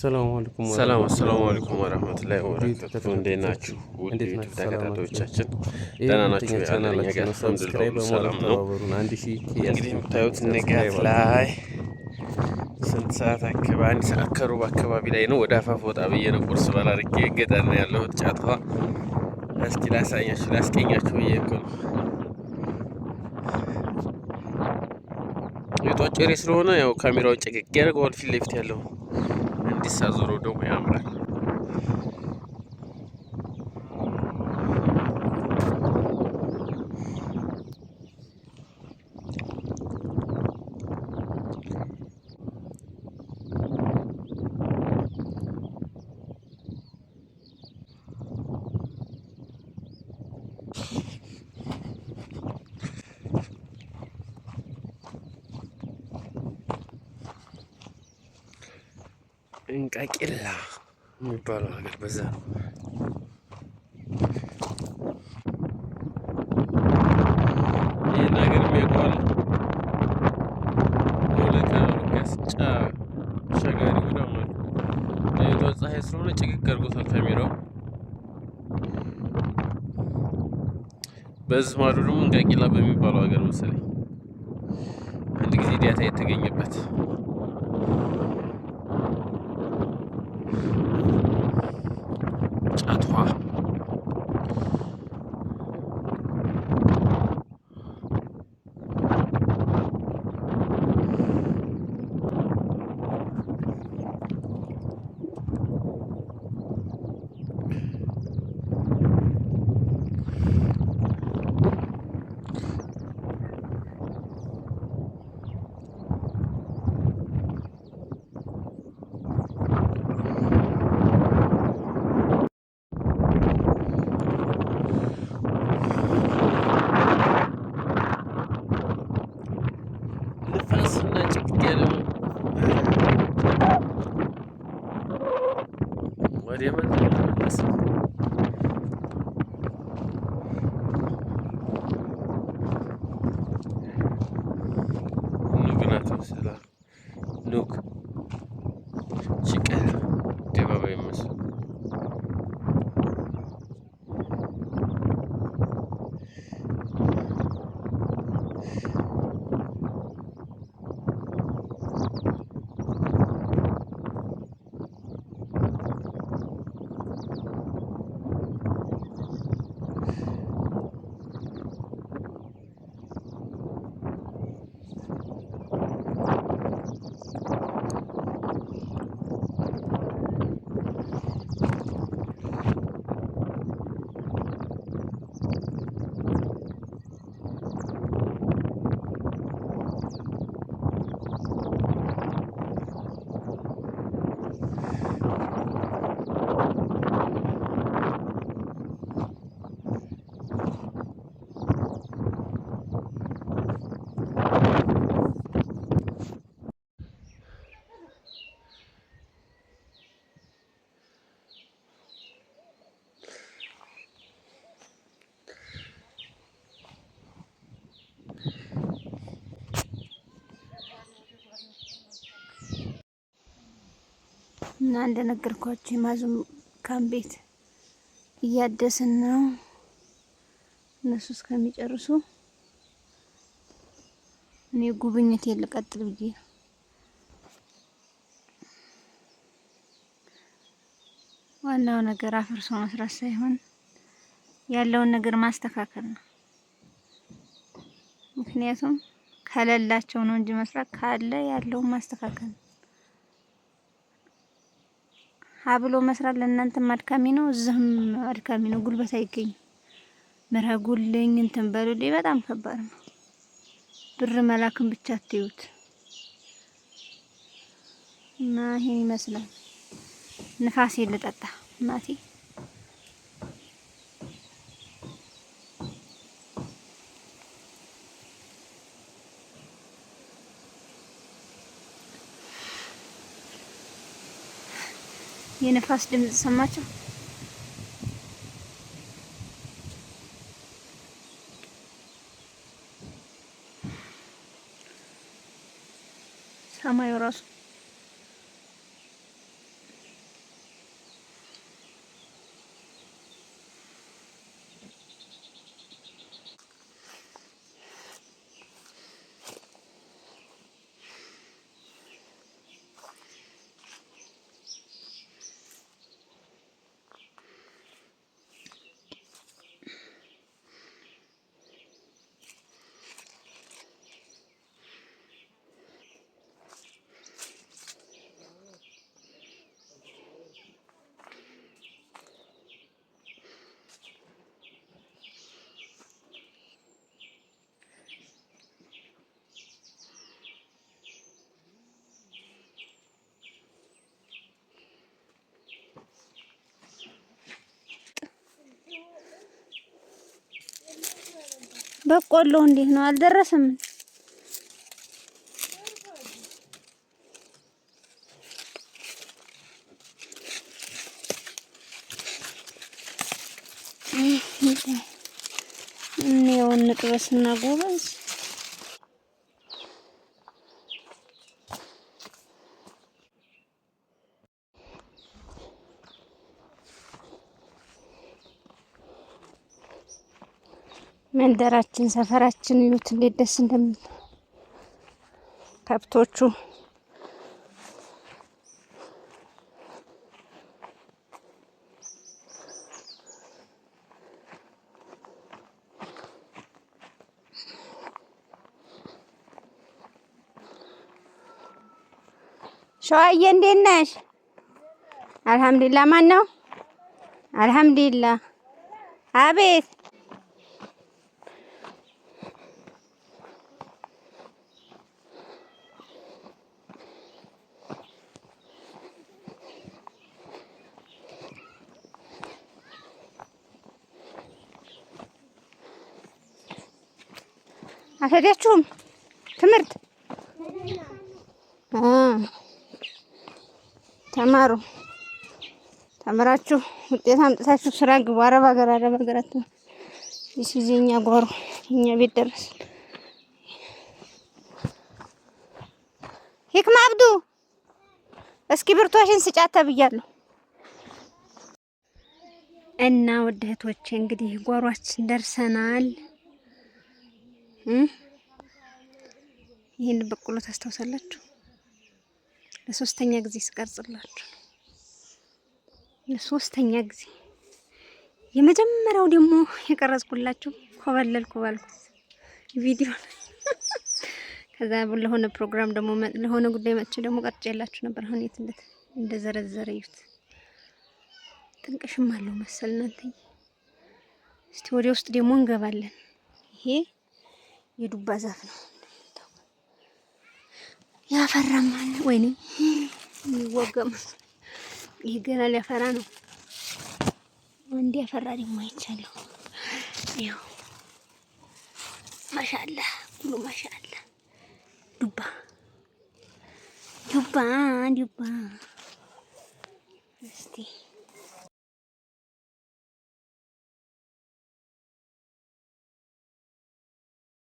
ሰላም አለይኩም ወራህመቱላሂ ወበረካቱ። እንዴት ናችሁ? ውድ ዩቱብ ተከታታዮቻችን ደህና ናችሁ? ያለን ነገር ሰብስክራይብ ሰላም ነው። እንግዲህ የምታዩት ንጋት ላይ ስንት ሰዓት አካባቢ አንድ ሰዓት ከሩብ አካባቢ ላይ ነው። ወደ አፋፍ ወጣ ብዬ ነው ቁርስ በላ አድርጌ ገጠር ነው ያለሁት። ጫቷ እስኪ ላሳያችሁ ላስቀኛችሁ ብዬ እኮ ነው የጧጭሬ ስለሆነ ያው ካሜራው ጭቅቅ ያደርገዋል ፊት ለፊት ያለው This has Rodome Amra. እንቃቂላ የሚባለው ሀገር በዛ ነው። ፀሐይ ስለሆነ ጭቅቅ አድርጎታል በዚህ ማዶ ደግሞ እንቃቂላ በሚባለው ሀገር መሰለኝ አንድ ጊዜ ዲያታ የተገኘበት Arayamadım. Nasıl? Nuk. እና እንደነገርኳችሁ የማዙም ካምቤት እያደስን ነው። እነሱ እስከሚጨርሱ እኔ ጉብኝት ልቀጥል ብዬ ነው። ዋናው ነገር አፍርሶ መስራት ሳይሆን ያለውን ነገር ማስተካከል ነው። ምክንያቱም ከሌላቸው ነው እንጂ መስራት ካለ ያለውን ማስተካከል ነው። አብሎ መስራት ለእናንተም አድካሚ ነው፣ እዚህም አድካሚ ነው። ጉልበት አይገኝም። ምረጉልኝ እንትን በሉልኝ፣ በጣም ከባድ ነው። ብር መላክን ብቻ አትዩት እና ይሄን ይመስላል። ንፋሴ ልጠጣ እናቴ የነፋስ ድምፅ ሰማችሁ? ሰማዩ ራሱ በቆሎ እንዴት ነው? አልደረሰም። እኔውን ንጥበስና ጎበዝ መንደራችን ሰፈራችን እዩት እንዴት ደስ እንደምን ከብቶቹ ሸዋዬ እንዴት ነሽ? አልሐምዱሊላህ። ማን ነው? አልሐምዱሊላህ። አቤት አልሄዳችሁም ትምህርት ተማሩ። ተምራችሁ ውጤት አምጥታችሁ ስራ ግቡ። አረብ ሀገር አረብ ሀገራት ይህ እኛ ጓሮ እኛ ቤት ደረስ። ሂክማ አብዱ እስኪ ብርቶሽን ስጫት ተብያለሁ። እና ወደ እህቶቼ እንግዲህ ጓሯችን ደርሰናል። ይህን በቆሎ ታስታውሳላችሁ? ለሶስተኛ ጊዜ ስቀርጽላችሁ ለሶስተኛ ጊዜ የመጀመሪያው ደግሞ የቀረጽኩላችሁ ኮበለልኩ ባልኩት ቪዲዮ ከዛ ለሆነ ፕሮግራም ደግሞ ለሆነ ጉዳይ መጥቼ ደግሞ ቀርጬላችሁ ነበር። አሁን የት እንደዘረዘረ እዩት። ጥንቅሽም አለው መሰል እናንተ። እስቲ ወደ ውስጥ ደግሞ እንገባለን። ይሄ የዱባ ዛፍ ነው ያፈራማል። ወይኔ የሚወገም ይሄ ገና ሊያፈራ ነው። አንድ ያፈራ ደግሞ አይቻለሁ። ይኸው ማሻአላ ሁሉ ማሻአላ ዱባ ዱባ ዱባ